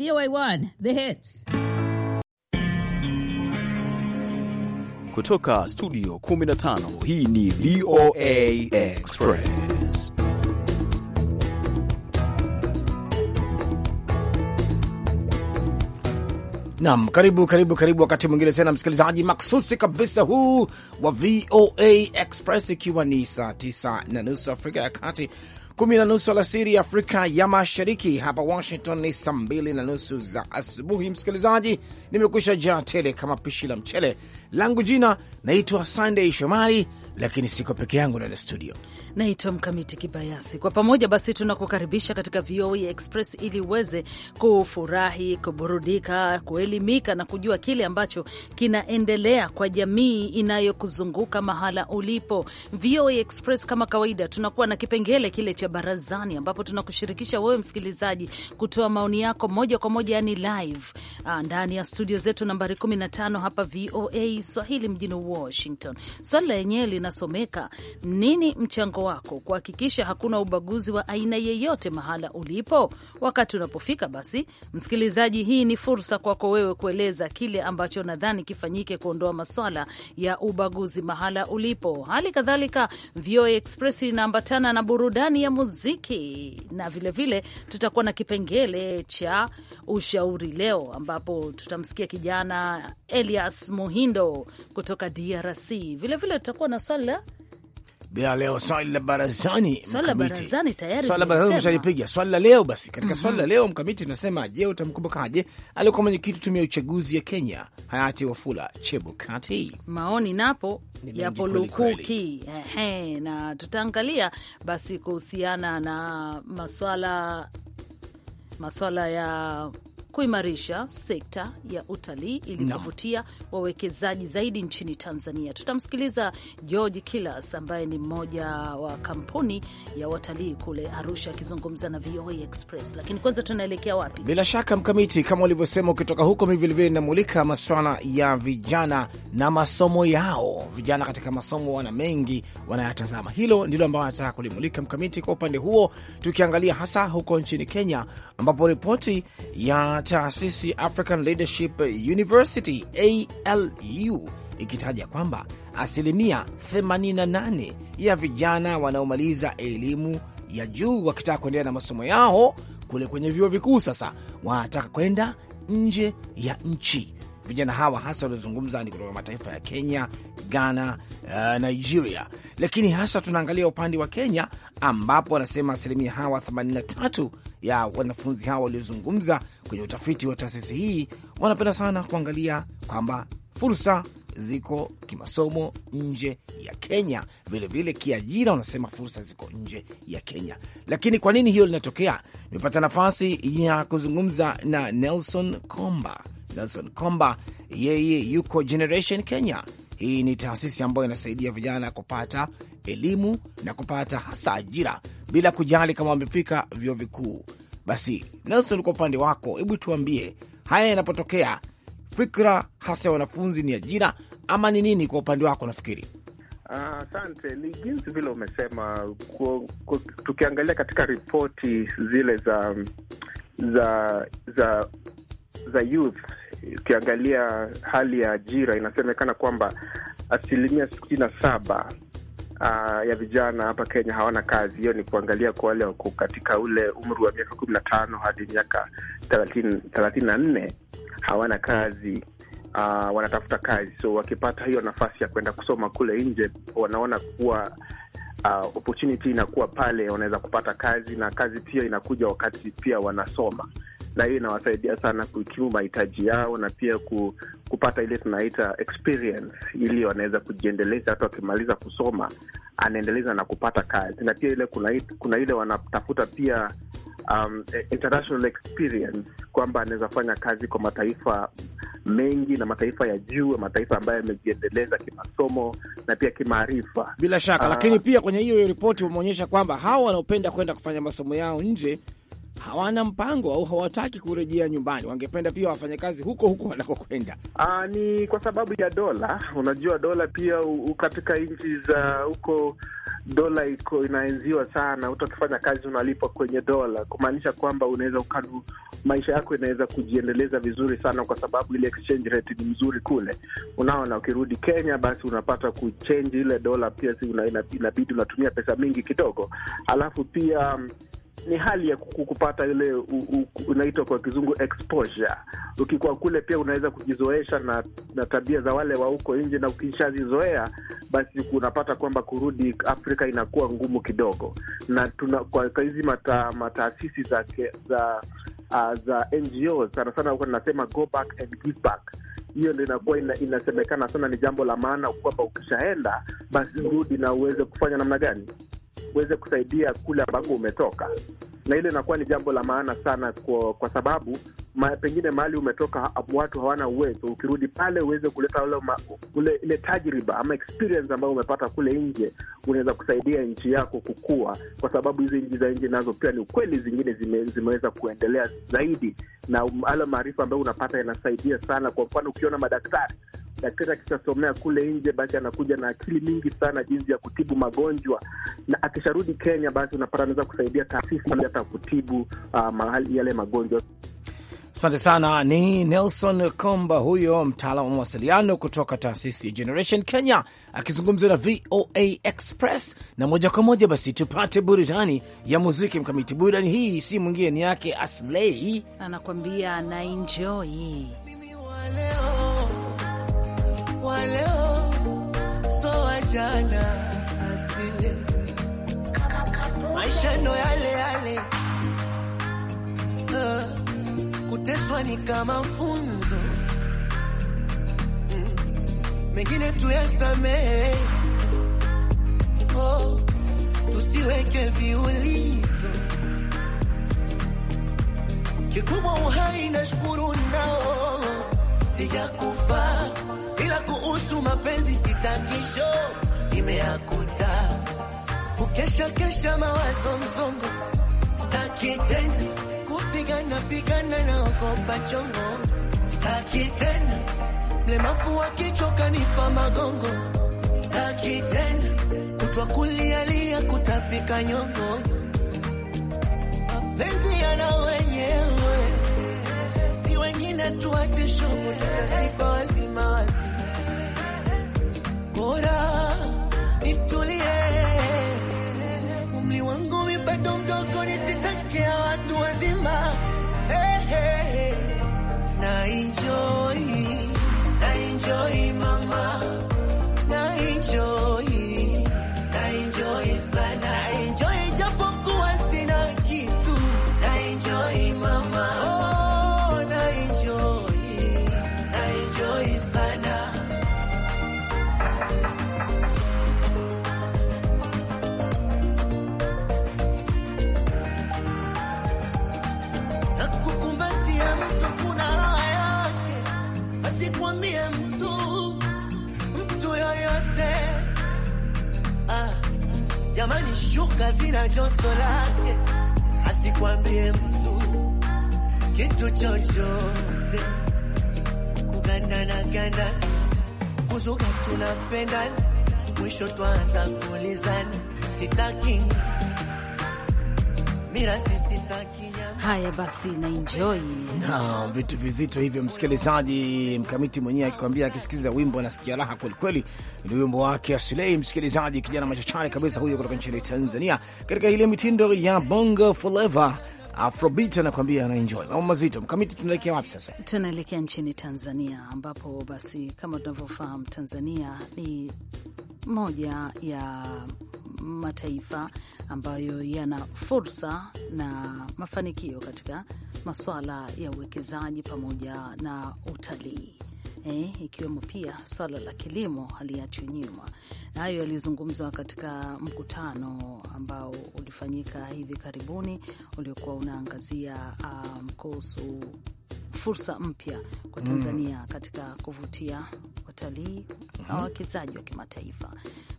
VOA1 The Hits kutoka studio 15. Hii ni VOA Express. Nam, karibu karibu karibu, wakati mwingine tena msikilizaji maksusi kabisa huu wa VOA Express, ikiwa ni saa tisa na nusu Afrika ya Kati kumi na nusu alasiri ya Afrika ya Mashariki. Hapa Washington ni saa mbili na nusu za asubuhi. Msikilizaji, nimekusha jaa tele kama pishi la mchele langu. Jina naitwa sandey Shomari, lakini siko peke yangu ndani ya studio. Naitwa Mkamiti Kibayasi. Kwa pamoja basi tunakukaribisha katika VOA e Express ili uweze kufurahi, kuburudika, kuelimika na kujua kile ambacho kinaendelea kwa jamii inayokuzunguka mahala ulipo. VOA e Express kama kawaida, tunakuwa na kipengele kile cha barazani, ambapo tunakushirikisha wewe msikilizaji kutoa maoni yako moja kwa moja, yani live ah, ndani ya studio zetu nambari 15 hapa VOA e Swahili mjini Washington. Swali lenyewe linasomeka nini mchango mpango wako kuhakikisha hakuna ubaguzi wa aina yeyote mahala ulipo. Wakati unapofika basi, msikilizaji, hii ni fursa kwako wewe kueleza kile ambacho nadhani kifanyike kuondoa maswala ya ubaguzi mahala ulipo. Hali kadhalika, VOA Express inaambatana na burudani ya muziki na vilevile vile, tutakuwa na kipengele cha ushauri leo, ambapo tutamsikia kijana Elias Muhindo kutoka DRC. Vilevile tutakuwa na swala bila leo swali la barazani. Swali la barazani tayari, swali la barazani mshalipiga. Swali la leo basi, katika mm -hmm. swali la leo mkamiti tunasema, je, utamkumbukaje alikuwa mwenyekiti tumia uchaguzi ya Kenya hayati Wafula Chebukati? Maoni napo yapo lukuki, ehe, na tutaangalia basi kuhusiana na maswala maswala ya kuimarisha sekta ya utalii ili kuvutia no. wawekezaji zaidi nchini Tanzania. Tutamsikiliza George Kilas ambaye ni mmoja wa kampuni ya watalii kule Arusha akizungumza na VOA Express. Lakini kwanza tunaelekea wapi? Bila shaka Mkamiti, kama ulivyosema, ukitoka huko mi vilevile inamulika maswala ya vijana na masomo yao. Vijana katika masomo wana mengi wanayatazama, hilo ndilo ambayo anataka kulimulika Mkamiti. Kwa upande huo tukiangalia hasa huko nchini Kenya ambapo ripoti ya taasisi African Leadership University ALU ikitaja kwamba asilimia 88 ya vijana wanaomaliza elimu ya juu wakitaka kuendelea na masomo yao kule kwenye vyuo vikuu, sasa wanataka kwenda nje ya nchi Vijana hawa hasa waliozungumza ni kutoka mataifa ya Kenya, Ghana, uh, Nigeria, lakini hasa tunaangalia upande wa Kenya ambapo wanasema asilimia hawa 83 ya wanafunzi hawa waliozungumza kwenye utafiti wa taasisi hii wanapenda sana kuangalia kwamba fursa ziko kimasomo nje ya Kenya, vilevile kiajira, wanasema fursa ziko nje ya Kenya. Lakini kwa nini hiyo linatokea? Nimepata nafasi ya kuzungumza na Nelson Komba Nelson Komba, yeye yuko Generation Kenya. Hii ni taasisi ambayo inasaidia vijana kupata elimu na kupata hasa ajira bila kujali kama wamepika vyuo vikuu. Basi Nelson, kwa upande wako, hebu tuambie haya yanapotokea, fikra hasa ya wanafunzi ni ajira ama ni nini? Kwa upande wako nafikiri Asante uh, ni jinsi vile umesema tukiangalia katika ripoti zile za za za za youth, ukiangalia hali ya ajira inasemekana kwamba asilimia sitini na saba Uh, ya vijana hapa Kenya hawana kazi. Hiyo ni kuangalia kwa wale wako katika ule umri wa miaka kumi na tano hadi miaka thelathini na nne hawana kazi. Uh, wanatafuta kazi, so wakipata hiyo nafasi ya kwenda kusoma kule nje, wanaona kuwa uh, opportunity inakuwa pale, wanaweza kupata kazi, na kazi pia inakuja wakati pia wanasoma na hiyo inawasaidia sana kuikimu mahitaji yao na pia ku, kupata ile tunaita experience, ili wanaweza kujiendeleza. Hata wakimaliza kusoma, anaendeleza na kupata kazi, na pia ile kuna, kuna ile wanatafuta pia Um, international experience kwamba anaweza fanya kazi kwa mataifa mengi na mataifa ya juu, mataifa ambayo yamejiendeleza kimasomo na pia kimaarifa bila shaka. Uh, lakini pia kwenye hiyo ripoti umeonyesha kwamba hawa wanaopenda kwenda kufanya masomo yao nje hawana mpango au hawataki kurejea nyumbani, wangependa pia wafanyakazi huko huko wanakokwenda. Ah, ni kwa sababu ya dola. Unajua dola pia katika nchi za huko dola iko inaenziwa sana. Hata ukifanya kazi unalipwa kwenye dola, kumaanisha kwamba unaweza ukanu, maisha yako inaweza kujiendeleza vizuri sana, kwa sababu ile exchange rate ni mzuri kule. Unaona, ukirudi Kenya basi unapata kuchange ile dola, pia si inabidi unatumia pesa mingi kidogo, alafu pia ni hali ya kupata ile unaitwa kwa kizungu exposure. Ukikuwa kule pia unaweza kujizoesha na, na tabia za wale wa huko nje, na ukishazizoea basi unapata kwamba kurudi Afrika inakuwa ngumu kidogo, na tuna, kwa hizi mata, mataasisi za, za, uh, za NGO sana sana huko tunasema go back and give back hiyo ndo inakuwa ina, inasemekana sana ni jambo la maana kwamba ukishaenda basi urudi na uweze kufanya namna gani uweze kusaidia kule ambako umetoka, na hilo inakuwa ni jambo la maana sana kwa, kwa sababu ma, pengine mahali umetoka watu hawana uwezo, ukirudi pale uweze kuleta ule ile tajriba ama experience ambayo umepata kule nje, unaweza kusaidia nchi yako kukua, kwa sababu hizi nchi za nje nazo pia ni ukweli, zingine zime, zimeweza kuendelea zaidi, na um, yale maarifa ambayo unapata yanasaidia sana. Kwa mfano ukiona madaktari daktari akishasomea kule nje, basi anakuja na akili mingi sana jinsi ya kutibu magonjwa, na akisharudi Kenya, basi unapata anaweza kusaidia taasisi hata kutibu uh, mahali yale magonjwa. Asante sana. Ni Nelson Komba huyo mtaalamu wa mawasiliano kutoka taasisi Generation Kenya akizungumza na VOA Express. Na moja kwa moja basi tupate burudani ya muziki mkamiti. Burudani hii si mwingine, ni yake Aslei anakwambia na enjoy. kijana asili, maisha ndo yale yale. Uh, kuteswa ni kama funzo mm, mengine tuyasamehe. Oh, tusiweke viulizo kikubwa uhai na nao sijakufa kuhusu mapenzi sitakisho imeakuta kukesha kesha mawazo mzongo staki tena kupigana pigana na okopa chongo staki tena mlemafu wakichoka nipa magongo staki tena kutwa kulialia kutapika nyongo mapenzi yana wenyewe si wengine tuache shogo tutazikwa na joto lake, asikwambie mtu kitu chochote, kuganda na ganda kuzuka tunapendana, mwisho twanza kulizani sitaki mira, sisitaki Haya basi, na enjoy na vitu vizito hivyo, msikilizaji. Mkamiti mwenyewe akikwambia, akisikiliza wimbo anasikia raha kwelikweli. Ni wimbo wake Asilei, msikilizaji, kijana machachari kabisa huyo kutoka nchini Tanzania, katika ile mitindo ya bongo forever Afrobeat anakuambia anaenjoy mambo mazito. Mkamiti, tunaelekea wapi sasa? Tunaelekea nchini Tanzania, ambapo basi kama tunavyofahamu Tanzania ni moja ya mataifa ambayo yana fursa na mafanikio katika masuala ya uwekezaji pamoja na utalii eh, ikiwemo pia swala la kilimo haliachwi nyuma. Hayo yalizungumzwa katika mkutano ambao ulifanyika hivi karibuni uliokuwa unaangazia um, kuhusu fursa mpya kwa mm. Tanzania mm, katika kuvutia watalii na mm-hmm. wawekezaji wa kimataifa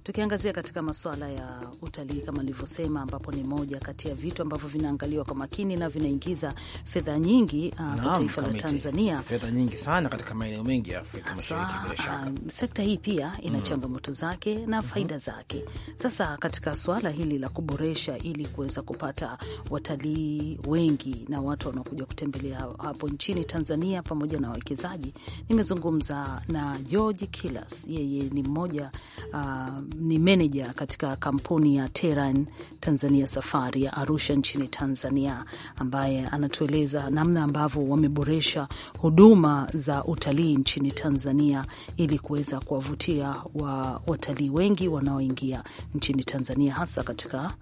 tukiangazia katika masuala ya utalii kama nilivyosema, ambapo ni moja kati ya vitu ambavyo vinaangaliwa kwa makini na vinaingiza fedha nyingi uh, kwa taifa la Tanzania, fedha nyingi sana katika maeneo mengi ya Afrika Mashariki. Uh, sekta hii pia ina mm. changamoto zake na mm-hmm. faida zake. Sasa katika suala hili la kuboresha, ili kuweza kupata watalii wengi na watu wanaokuja kutembelea hapo nchini Tanzania pamoja na wawekezaji, nimezungumza na George Kilas, yeye ni mmoja uh, ni meneja katika kampuni ya Teran Tanzania Safari ya Arusha nchini Tanzania, ambaye anatueleza namna ambavyo wameboresha huduma za utalii nchini Tanzania ili kuweza kuwavutia wa watalii wengi wanaoingia nchini Tanzania, hasa katika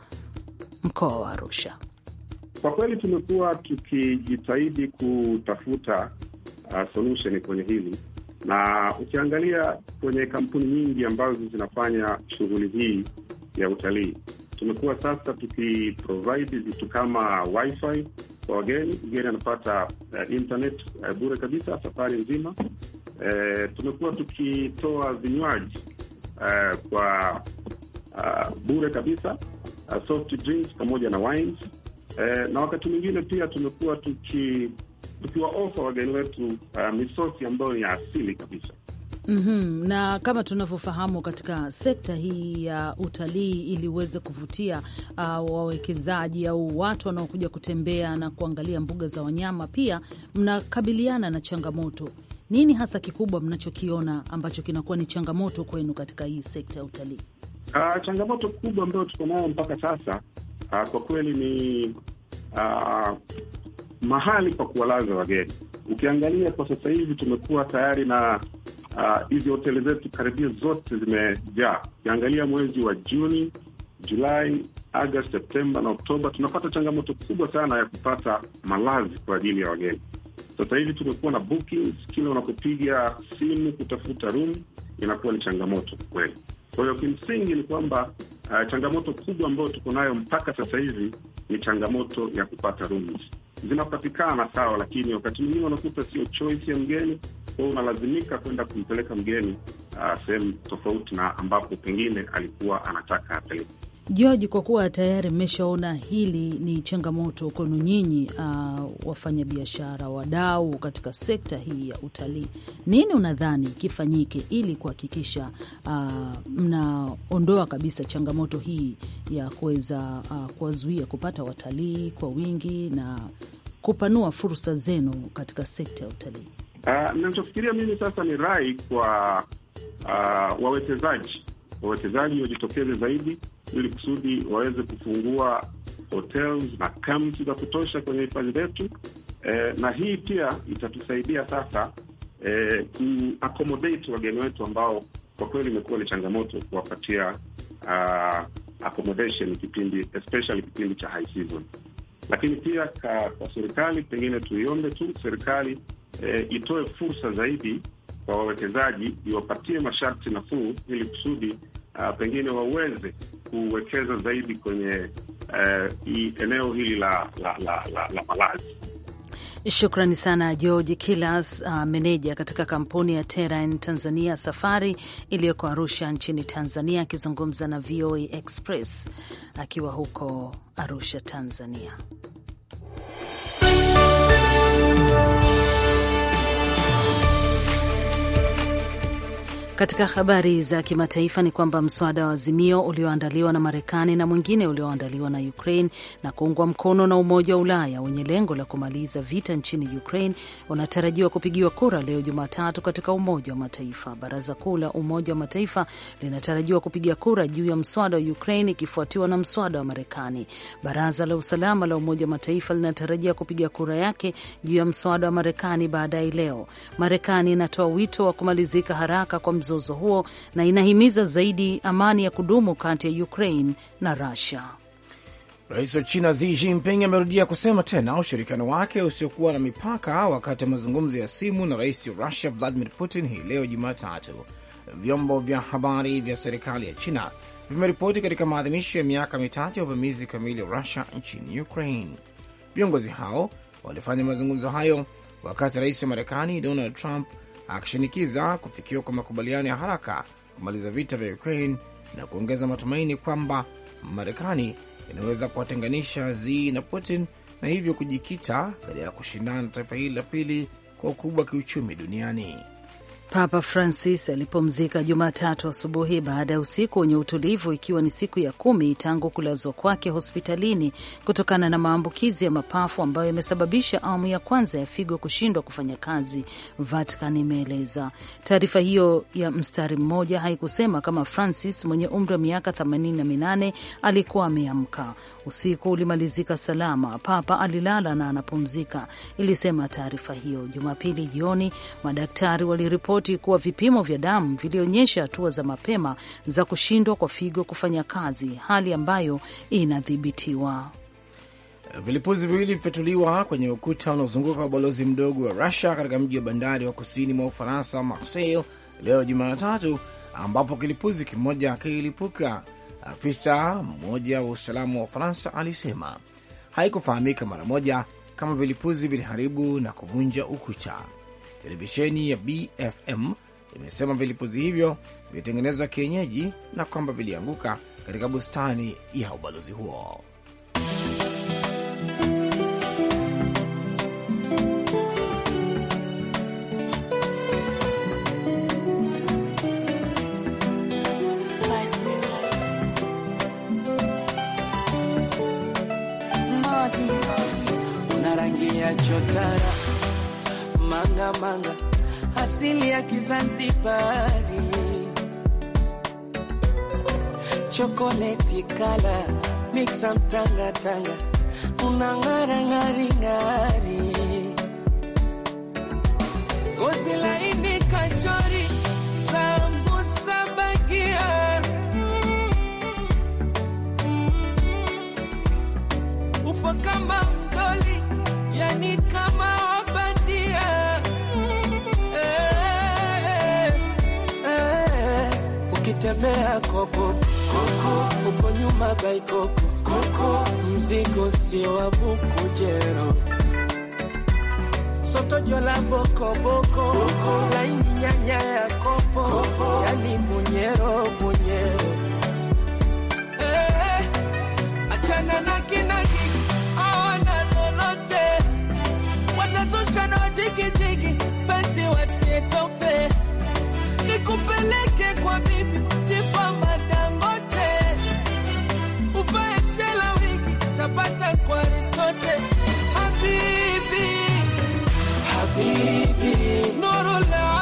mkoa wa Arusha. Kwa kweli tumekuwa tukijitahidi kutafuta uh, solution kwenye hili na ukiangalia kwenye kampuni nyingi ambazo zinafanya shughuli hii ya utalii, tumekuwa sasa tukiprovide vitu kama wifi kwa wageni. Mgeni anapata uh, internet uh, bure kabisa safari nzima. Uh, tumekuwa tukitoa vinywaji uh, kwa uh, bure kabisa uh, soft drinks pamoja na wines uh, na wakati mwingine pia tumekuwa tuki tukiwaofa wageni wetu uh, misosi ambayo ni asili kabisa. Mm -hmm. Na kama tunavyofahamu katika sekta hii ya uh, utalii ili uweze kuvutia uh, wawekezaji au watu wanaokuja kutembea na kuangalia mbuga za wanyama, pia mnakabiliana na changamoto. Nini hasa kikubwa mnachokiona ambacho kinakuwa ni changamoto kwenu katika hii sekta ya utalii? Uh, changamoto kubwa ambayo tuko nayo mpaka sasa uh, kwa kweli ni uh, mahali pa kuwalaza wageni. Ukiangalia kwa sasa hivi tumekuwa tayari na uh, hizi uh, hoteli zetu karibia zote zimejaa. Ukiangalia mwezi wa Juni, Julai, Agosti, Septemba na Oktoba, tunapata changamoto kubwa sana ya kupata malazi kwa ajili ya wageni. Sasa hivi tumekuwa na bookings, kila unapopiga simu kutafuta room inakuwa ni changamoto kweli. Kwa hiyo kimsingi ni kwamba uh, changamoto kubwa ambayo tuko nayo mpaka sasa hivi ni changamoto ya kupata rooms zinapatikana sawa, lakini wakati mwingine unakuta sio choice ya mgeni, kwao unalazimika kwenda kumpeleka mgeni uh, sehemu tofauti na ambapo pengine alikuwa anataka apeleke. George, kwa kuwa tayari mmeshaona hili ni changamoto kwenu nyinyi, uh, wafanyabiashara wadau katika sekta hii ya utalii, nini unadhani kifanyike ili kuhakikisha uh, mnaondoa kabisa changamoto hii ya kuweza uh, kuwazuia kupata watalii kwa wingi na kupanua fursa zenu katika sekta ya utalii? Uh, nachofikiria mimi sasa ni rai kwa uh, wawekezaji wawekezaji wajitokeze zaidi ili kusudi waweze kufungua hotels na camps za kutosha kwenye hifadhi zetu. E, na hii pia itatusaidia sasa e, kuaccommodate wageni wetu ambao kwa kweli imekuwa ni changamoto kuwapatia uh, accommodation kipindi especially kipindi cha high season. Lakini pia ka, kwa serikali pengine tuiombe tu serikali e, itoe fursa zaidi kwa wawekezaji, iwapatie masharti nafuu ili kusudi uh, pengine waweze kuwekeza zaidi kwenye uh, i, eneo hili la, la, la, la, la malazi. Shukrani sana George Kilas, uh, meneja katika kampuni ya Terran Tanzania Safari iliyoko Arusha nchini Tanzania, akizungumza na VOA Express akiwa huko Arusha, Tanzania. Katika habari za kimataifa ni kwamba mswada wa azimio ulioandaliwa na Marekani na mwingine ulioandaliwa na Ukraine na kuungwa mkono na Umoja wa Ulaya wenye lengo la kumaliza vita nchini Ukraine unatarajiwa kupigiwa kura leo Jumatatu katika Umoja wa Mataifa. Baraza Kuu la Umoja wa Mataifa linatarajiwa kupiga kura juu ya mswada wa Ukraine ikifuatiwa na mswada wa Marekani. Baraza la Usalama la Umoja wa Mataifa linatarajia kupiga kura yake juu ya mswada wa Marekani baadaye leo. Marekani inatoa wito wa kumalizika haraka kwa mzozo huo na inahimiza zaidi amani ya kudumu kati ya Ukraine na Russia. Rais wa China Xi Jinping amerudia kusema tena ushirikiano wake usiokuwa na mipaka wakati wa mazungumzo ya simu na rais wa Russia Vladimir Putin hii leo Jumatatu. Vyombo vya habari vya serikali ya China vimeripoti katika maadhimisho ya miaka mitatu ya uvamizi kamili wa Rusia nchini Ukraine. Viongozi hao walifanya mazungumzo hayo wakati rais wa Marekani Donald Trump akishinikiza kufikiwa kwa makubaliano ya haraka kumaliza vita vya Ukraine na kuongeza matumaini kwamba Marekani inaweza kuwatenganisha Xi na Putin na hivyo kujikita katika kushindana na taifa hili la pili kwa ukubwa wa kiuchumi duniani. Papa Francis alipumzika Jumatatu asubuhi baada ya usiku wenye utulivu, ikiwa ni siku ya kumi tangu kulazwa kwake hospitalini kutokana na maambukizi ya mapafu ambayo yamesababisha awamu ya kwanza ya figo kushindwa kufanya kazi, Vatican imeeleza taarifa hiyo. Ya mstari mmoja haikusema kama Francis mwenye umri wa miaka 88 alikuwa ameamka. Usiku ulimalizika salama, Papa alilala na anapumzika, ilisema taarifa hiyo. Jumapili jioni madaktari waliripoti ripoti kuwa vipimo vya damu vilionyesha hatua za mapema za kushindwa kwa figo kufanya kazi, hali ambayo inadhibitiwa. Vilipuzi viwili vimefyatuliwa kwenye ukuta unaozunguka ubalozi mdogo wa Rusia katika mji wa bandari wa kusini mwa Ufaransa, Marseille, leo Jumatatu, ambapo kilipuzi kimoja kilipuka. Afisa mmoja wa usalama wa Ufaransa alisema haikufahamika mara moja kama vilipuzi viliharibu na kuvunja ukuta. Televisheni ya BFM imesema vilipuzi hivyo vilitengenezwa kienyeji na kwamba vilianguka katika bustani ya ubalozi huo. Una rangi ya chotara manga, asili ya Kizanzibari, chokoleti kala miksa mtangatanga, unang'ara ng'ari, ngozi laini kachori, sambusa bagia upo kama ukitembea kopo koko, uko nyuma bai koko, mzigo sio wa jero soto jola bokoboko laini nyanya ya kopo koko, yani bunyero bunyero eh, achana na kinaki awana lolote watazusha na jigijigi basi watie tope nikupeleke kwa bibi tifa madangote, uvae shela wigi tapata kwa ristote. Habibi, habibi nurula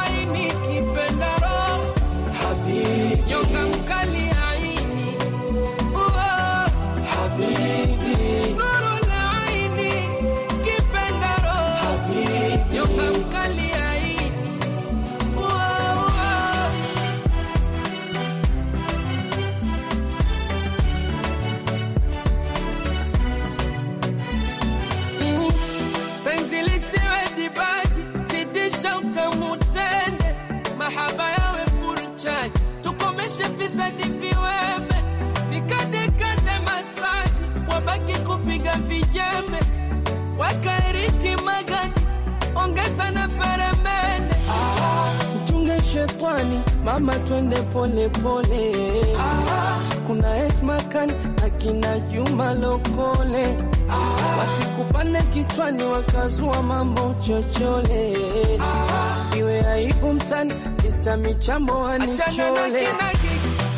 nichochole ah, iwe aibu mtani Mr. Michambo wanichole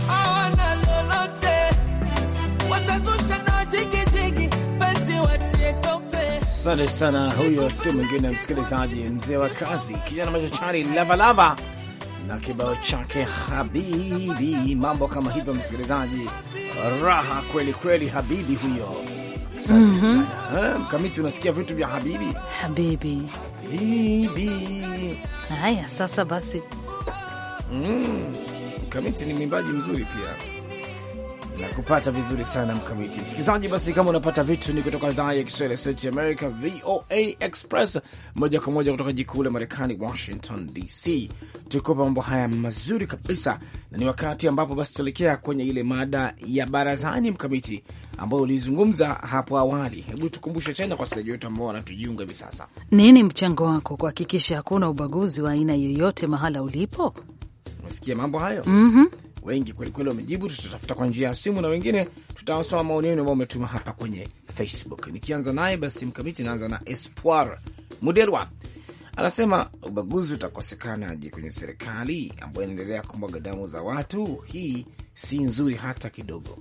awana lolote, watazusha na jigijigi penzi watie tope. Asante sana, huyo si mwingine msikilizaji, mzee wa kazi, kijana machachari Lavalava na kibao chake Habibi, mambo kama hivyo msikilizaji, raha kweli kweli, Habibi huyo Asante mhm. sana. Eh, mkamiti, unasikia vitu vya habibi habibi habibi. Haya sasa basi, mm. mkamiti mm, ni mwimbaji mzuri pia nakupata vizuri sana mkamiti msikilizaji. Basi kama unapata vitu ni kutoka idhaa ya Kiswahili ya Sauti Amerika, VOA Express, moja kwa moja kutoka jikuu la Marekani, Washington DC. Tukopa mambo haya mazuri kabisa, na ni wakati ambapo basi tuelekea kwenye ile mada ya barazani mkamiti, ambayo ulizungumza hapo awali. Hebu tukumbushe tena kwa wasikilizaji wetu ambao wanatujiunga hivi sasa, nini mchango wako kuhakikisha hakuna ubaguzi wa aina yoyote mahala ulipo? Umesikia mambo hayo? mm -hmm wengi kwelikweli wamejibu, tutatafuta kwa njia ya simu na wengine tutawasoma maoni yenu ambao umetuma hapa kwenye Facebook. Nikianza naye basi, Mkamiti, naanza na Espoir Muderwa anasema ubaguzi utakosekanaje kwenye serikali ambayo inaendelea kumwaga damu za watu? Hii si nzuri hata kidogo.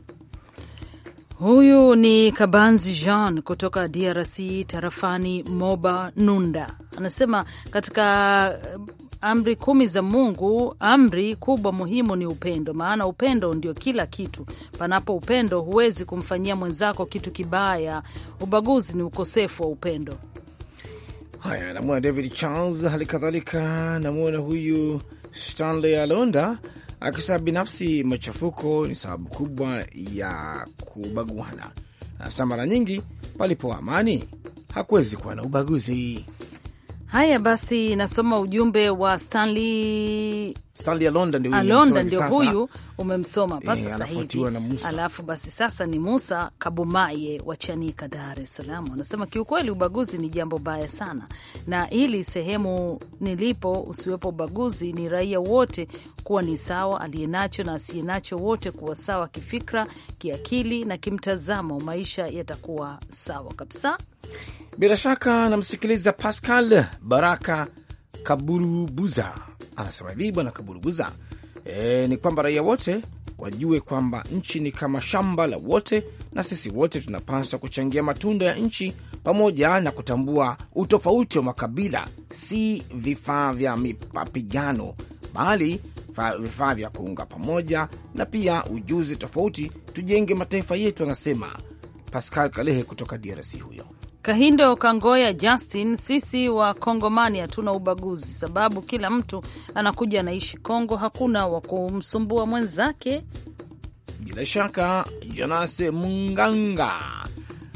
Huyu ni Kabanzi Jean kutoka DRC, tarafani Moba Nunda, anasema katika amri kumi za Mungu. Amri kubwa muhimu ni upendo, maana upendo ndio kila kitu. Panapo upendo, huwezi kumfanyia mwenzako kitu kibaya. Ubaguzi ni ukosefu wa upendo. Haya, namwona David Charles, hali kadhalika namwona huyu Stanley Alonda akisema binafsi machafuko ni sababu kubwa ya kubaguana. Anasema mara nyingi palipo amani hakuwezi kuwa na ubaguzi. Haya basi, nasoma ujumbe wa Stanley Stanley Alonda ndio Alonda ndio huyu umemsoma eh, sasa hivi, alafu basi sasa ni Musa Kabumaye wa Chanika, Dar es Salaam, anasema kiukweli ubaguzi ni jambo baya sana, na ili sehemu nilipo usiwepo ubaguzi, ni raia wote kuwa ni sawa, aliye nacho na nacho wote kuwa sawa kifikra, kiakili na kimtazamo, maisha yatakuwa sawa kabisa. Bila shaka namsikiliza Pascal Baraka Kaburubuza anasema hivi, bwana Kaburubuza, e, ni kwamba raia wote wajue kwamba nchi ni kama shamba la wote, na sisi wote tunapaswa kuchangia matunda ya nchi pamoja na kutambua utofauti wa makabila, si vifaa vya mapigano, bali vifaa vya kuunga pamoja, na pia ujuzi tofauti, tujenge mataifa yetu, anasema Pascal Kalehe kutoka DRC huyo. Kahindo Kangoya Justin, sisi wa Kongomani hatuna ubaguzi, sababu kila mtu anakuja anaishi Kongo, hakuna wa kumsumbua mwenzake. Bila shaka Jonas Munganga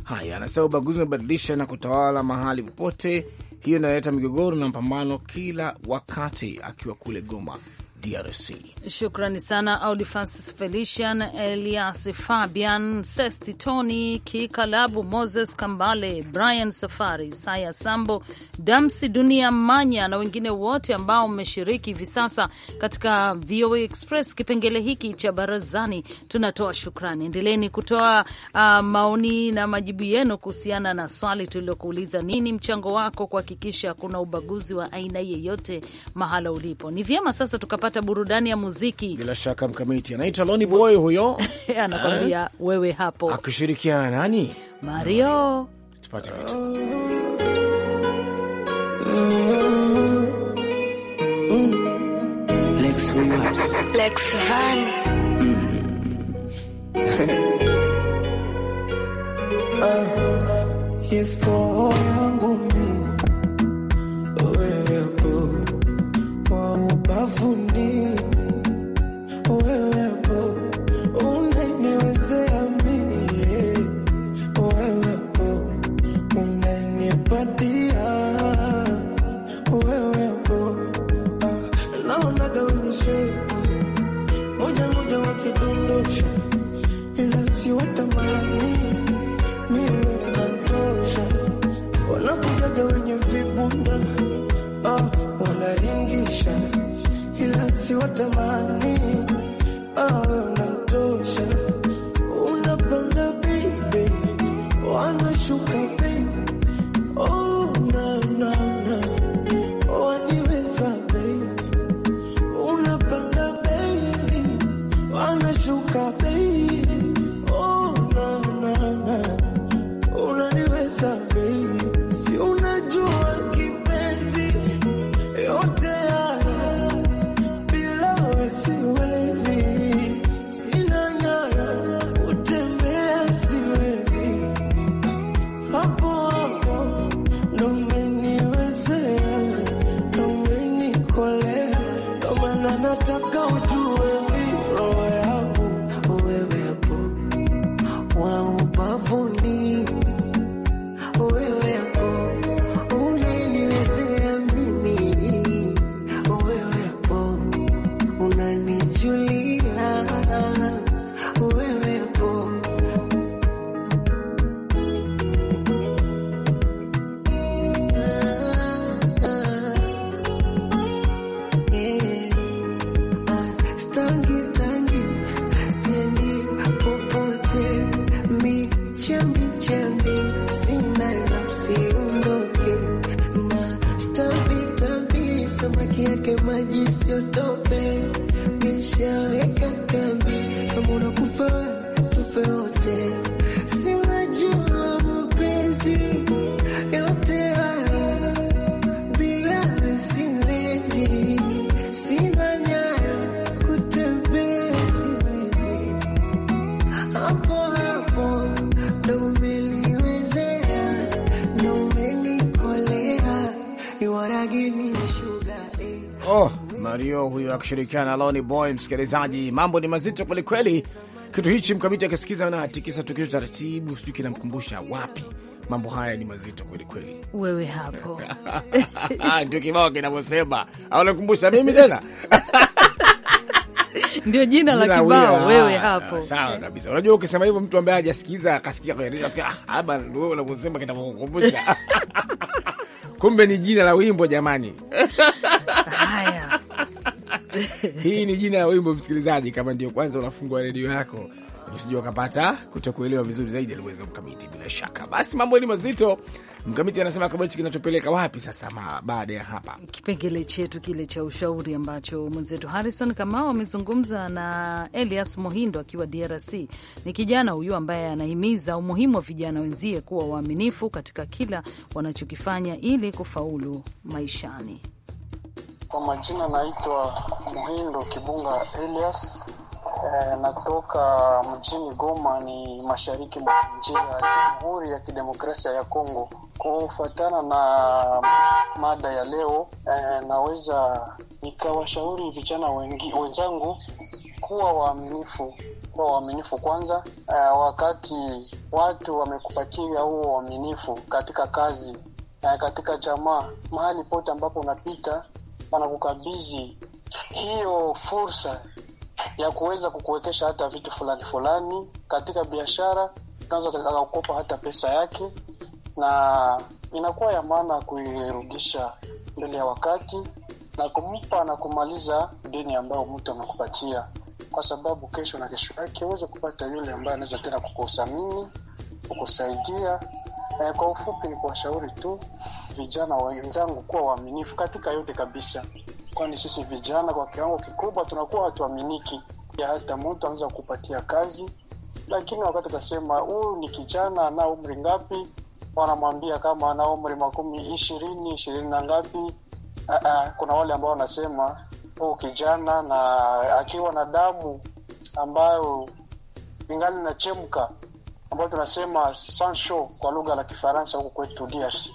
haya anasema ubaguzi umebadilisha na kutawala mahali popote, hiyo inaleta migogoro na mapambano kila wakati, akiwa kule Goma. DRC. Shukrani sana Francis Felician, Elias Fabian, Sesti Tony Kikalabu, Moses Kambale, Brian Safari, Saya Sambo, Damsi Dunia Manya na wengine wote ambao mmeshiriki hivi sasa katika VOA Express kipengele hiki cha barazani. Tunatoa shukrani, endeleni kutoa uh, maoni na majibu yenu kuhusiana na swali tuliokuuliza nini mchango wako kuhakikisha kuna ubaguzi wa aina yeyote mahala ulipo? Ni vyema sasa tukapata kupata burudani ya muziki bila shaka. Mkamiti anaitwa Loni Boy huyo eh, anakwambia eh? wewe hapo, akishirikiana nani? Mario. Tupate Lex Van mm. uh, uh, Mario huyo akishirikiana na Loni Boy. Msikilizaji, mambo ni mazito kwelikweli. Kitu hichi mkamiti akisikiza na tikisa tukio taratibu, sijui kinamkumbusha wapi. Mambo haya ni mazito kwelikweli. Wewe hapo ndio kibao kinavyosema, au mimi tena ndio jina la kibao wewe ah, hapo. Sawa kabisa. Unajua, ukisema hivyo mtu ambaye hajasikiza akasikia kwenye redio ah, wewe unavyosema kinavyokumbusha kumbe ni jina la wimbo jamani. Haya. Hii ni jina ya wimbo, msikilizaji. Kama ndio kwanza unafungua redio yako, usijua ukapata kutokuelewa vizuri zaidi aliweza Mkamiti. Bila shaka, basi mambo ni mazito. Mkamiti anasema hichi kinachopeleka wapi sasa? Baada ya hapa, kipengele chetu kile cha ushauri ambacho mwenzetu Harrison Kamau amezungumza na Elias Mohindo akiwa DRC. Ni kijana huyu ambaye anahimiza umuhimu wa vijana wenzie kuwa waaminifu katika kila wanachokifanya ili kufaulu maishani. Kwa majina naitwa Muhindo Kibunga Elias. E, natoka mjini Goma ni mashariki mwa nchi ya Jamhuri ya Kidemokrasia ya Kongo. Kufuatana na mada ya leo e, naweza nikawashauri vijana wengi, wenzangu kuwa waaminifu, kuwa waaminifu kwanza. E, wakati watu wamekupatia huo uaminifu katika kazi katika jamaa, mahali pote ambapo unapita wanakukabidhi hiyo fursa ya kuweza kukuwekesha hata vitu fulani fulani katika biashara, kwanza atakakukopa hata pesa yake, na inakuwa ya maana kuirudisha mbele ya wakati na kumpa na kumaliza deni ambayo mtu amekupatia, kwa sababu kesho na kesho yake uweze kupata yule ambaye anaweza tena kukusamini, kukusaidia Eh, kwa ufupi ni kuwashauri tu vijana wenzangu kuwa waaminifu katika yote kabisa, kwani sisi vijana kwa kiwango kikubwa tunakuwa hatuaminiki. Hata mtu anaweza kupatia kazi, lakini wakati utasema huyu ni kijana, ana umri ngapi? Wanamwambia kama ana umri makumi ishirini ishirini na ngapi. uh, kuna wale ambao wanasema huu oh, kijana na akiwa na damu ambayo ingali inachemka ambayo tunasema sancho kwa lugha la Kifaransa huko kwetu DRC.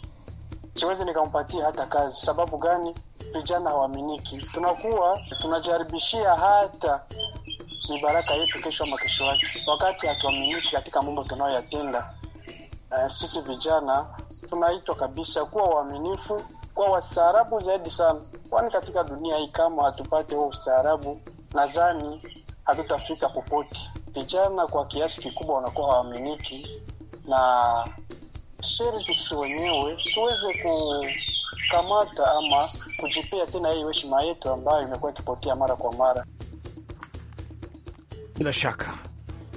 Siwezi nikampatia hata kazi. Sababu gani? Vijana hawaaminiki, tunakuwa tunajaribishia hata mibaraka yetu kesho ama kesho yake, wakati hatuaminiki katika mambo tunayoyatenda. Uh, sisi vijana tunaitwa kabisa kuwa waaminifu, kuwa wastaarabu zaidi sana, kwani katika dunia hii kama hatupate huo ustaarabu, nadhani hatutafika popote vijana kwa kiasi kikubwa wanakuwa hawaaminiki, na sherti sisi wenyewe tuweze kukamata ama kujipea tena hiyo heshima yetu ambayo imekuwa ikipotea mara kwa mara. Bila shaka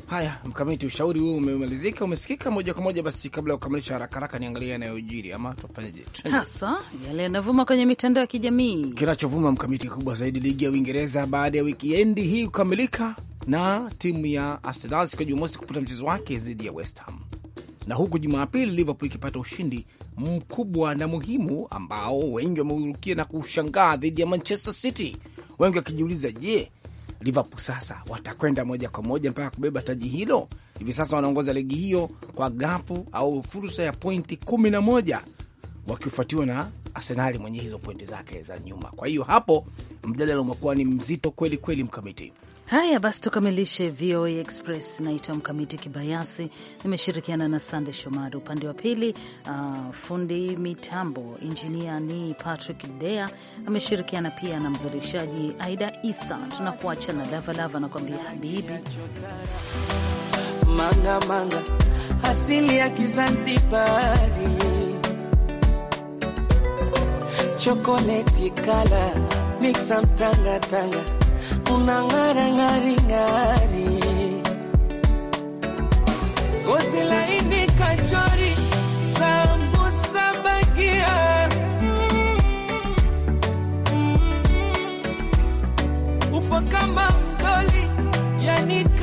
haya, Mkamiti, ushauri huo umemalizika, umesikika moja kwa moja. Basi kabla ya kukamilisha haraka haraka, niangalia yanayojiri ama tufanyeje, haswa yale yanavuma kwenye mitandao ya kijamii. Kinachovuma Mkamiti kubwa zaidi, ligi ya Uingereza baada ya wikiendi hii kukamilika na timu ya Arsenal siku ya Jumamosi kupata mchezo wake dhidi ya West Ham, na huku Jumapili Liverpool ikipata ushindi mkubwa na muhimu ambao wengi wameurukia na kushangaa dhidi ya Manchester City, wengi wakijiuliza je, Liverpool sasa watakwenda moja kwa moja mpaka kubeba taji hilo? Hivi sasa wanaongoza ligi hiyo kwa gapu au fursa ya pointi kumi na moja wakifuatiwa na Arsenali mwenye hizo pointi zake za nyuma. Kwa hiyo hapo mjadala umekuwa ni mzito kweli kweli, mkamiti Haya basi, tukamilishe VOA Express. Naitwa Mkamiti Kibayasi, nimeshirikiana na Sande Shomari upande wa pili. Uh, fundi mitambo injinia ni Patrick Dea, ameshirikiana pia na mzalishaji Aida Isa. Tunakuacha na Lavalava anakuambia habibi manga manga, asili ya Kizanzibari, chokoleti kala miksa mtangatanga unang'ara ng'aring'ari, ngozi laini kachori, sambusa bagia, upo kama mdoli yani